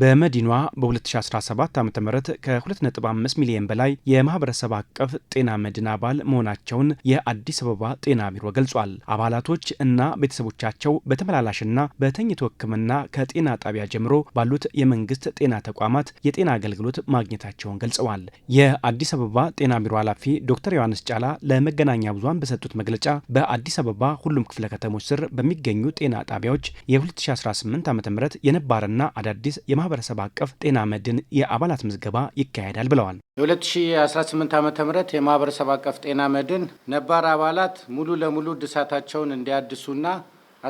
በመዲኗ በ2017 ዓ ም ከ2.5 ሚሊዮን በላይ የማህበረሰብ አቀፍ ጤና መድን አባል መሆናቸውን የአዲስ አበባ ጤና ቢሮ ገልጿል። አባላቶች እና ቤተሰቦቻቸው በተመላላሽና በተኝቶ ሕክምና ከጤና ጣቢያ ጀምሮ ባሉት የመንግስት ጤና ተቋማት የጤና አገልግሎት ማግኘታቸውን ገልጸዋል። የአዲስ አበባ ጤና ቢሮ ኃላፊ ዶክተር ዮሐንስ ጫላ ለመገናኛ ብዙሃን በሰጡት መግለጫ በአዲስ አበባ ሁሉም ክፍለ ከተሞች ስር በሚገኙ ጤና ጣቢያዎች የ2018 ዓ ም የነባርና አዳዲስ የማ ማህበረሰብ አቀፍ ጤና መድን የአባላት ምዝገባ ይካሄዳል ብለዋል። የ2018 ዓ ም የማህበረሰብ አቀፍ ጤና መድን ነባር አባላት ሙሉ ለሙሉ እድሳታቸውን እንዲያድሱና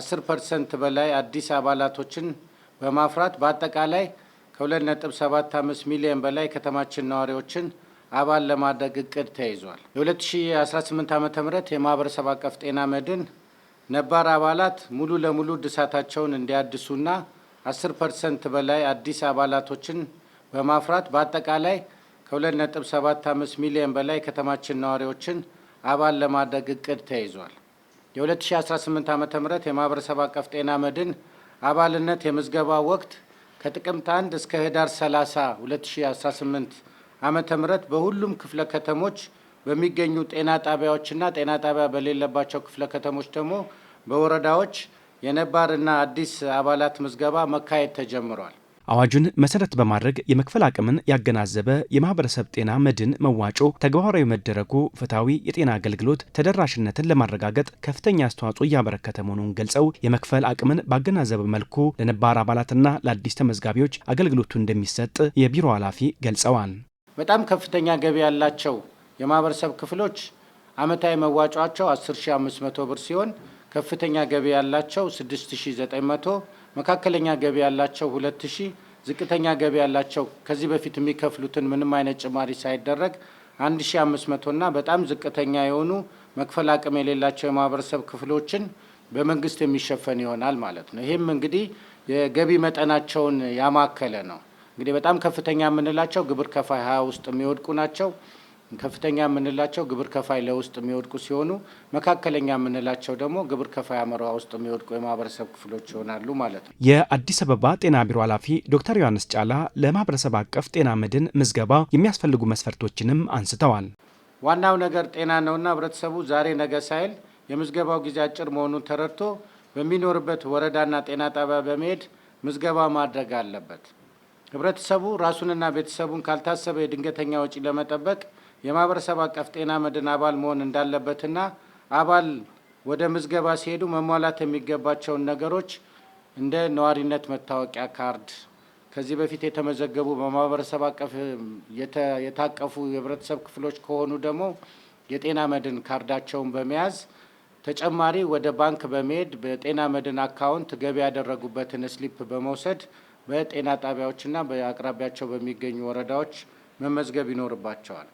10 ፐርሰንት በላይ አዲስ አባላቶችን በማፍራት በአጠቃላይ ከ2.75 ሚሊዮን በላይ ከተማችን ነዋሪዎችን አባል ለማድረግ እቅድ ተይዟል። የ2018 ዓ ም የማህበረሰብ አቀፍ ጤና መድን ነባር አባላት ሙሉ ለሙሉ እድሳታቸውን እንዲያድሱና 10 ፐርሰንት በላይ አዲስ አባላቶችን በማፍራት በአጠቃላይ ከ2.75 ሚሊዮን በላይ ከተማችን ነዋሪዎችን አባል ለማድረግ እቅድ ተይዟል። የ2018 ዓ ም የማህበረሰብ አቀፍ ጤና መድን አባልነት የምዝገባ ወቅት ከጥቅምት 1 እስከ ህዳር 30 2018 ዓ ም በሁሉም ክፍለ ከተሞች በሚገኙ ጤና ጣቢያዎችና ጤና ጣቢያ በሌለባቸው ክፍለ ከተሞች ደግሞ በወረዳዎች የነባርና አዲስ አባላት ምዝገባ መካሄድ ተጀምሯል። አዋጁን መሰረት በማድረግ የመክፈል አቅምን ያገናዘበ የማህበረሰብ ጤና መድን መዋጮ ተግባራዊ መደረጉ ፍትሐዊ የጤና አገልግሎት ተደራሽነትን ለማረጋገጥ ከፍተኛ አስተዋጽኦ እያበረከተ መሆኑን ገልጸው የመክፈል አቅምን ባገናዘበ መልኩ ለነባር አባላትና ለአዲስ ተመዝጋቢዎች አገልግሎቱ እንደሚሰጥ የቢሮ ኃላፊ ገልጸዋል። በጣም ከፍተኛ ገቢ ያላቸው የማህበረሰብ ክፍሎች አመታዊ መዋጮቸው 10500 ብር ሲሆን ከፍተኛ ገቢ ያላቸው 6900፣ መካከለኛ ገቢ ያላቸው 2000፣ ዝቅተኛ ገቢ ያላቸው ከዚህ በፊት የሚከፍሉትን ምንም አይነት ጭማሪ ሳይደረግ 1500 እና በጣም ዝቅተኛ የሆኑ መክፈል አቅም የሌላቸው የማህበረሰብ ክፍሎችን በመንግስት የሚሸፈን ይሆናል ማለት ነው። ይህም እንግዲህ የገቢ መጠናቸውን ያማከለ ነው። እንግዲህ በጣም ከፍተኛ የምንላቸው ግብር ከፋይ ሀያ ውስጥ የሚወድቁ ናቸው። ከፍተኛ የምንላቸው ግብር ከፋይ ለውስጥ የሚወድቁ ሲሆኑ መካከለኛ የምንላቸው ደግሞ ግብር ከፋይ አመራ ውስጥ የሚወድቁ የማህበረሰብ ክፍሎች ይሆናሉ ማለት ነው። የአዲስ አበባ ጤና ቢሮ ኃላፊ ዶክተር ዮሐንስ ጫላ ለማህበረሰብ አቀፍ ጤና መድን ምዝገባ የሚያስፈልጉ መስፈርቶችንም አንስተዋል። ዋናው ነገር ጤና ነውና ህብረተሰቡ ዛሬ ነገ ሳይል የምዝገባው ጊዜ አጭር መሆኑን ተረድቶ በሚኖርበት ወረዳና ጤና ጣቢያ በመሄድ ምዝገባ ማድረግ አለበት። ህብረተሰቡ ራሱንና ቤተሰቡን ካልታሰበ የድንገተኛ ወጪ ለመጠበቅ የማህበረሰብ አቀፍ ጤና መድን አባል መሆን እንዳለበትና አባል ወደ ምዝገባ ሲሄዱ መሟላት የሚገባቸውን ነገሮች እንደ ነዋሪነት መታወቂያ ካርድ፣ ከዚህ በፊት የተመዘገቡ በማህበረሰብ አቀፍ የታቀፉ የህብረተሰብ ክፍሎች ከሆኑ ደግሞ የጤና መድን ካርዳቸውን በመያዝ ተጨማሪ ወደ ባንክ በመሄድ በጤና መድን አካውንት ገቢ ያደረጉበትን ስሊፕ በመውሰድ በጤና ጣቢያዎችና በአቅራቢያቸው በሚገኙ ወረዳዎች መመዝገብ ይኖርባቸዋል።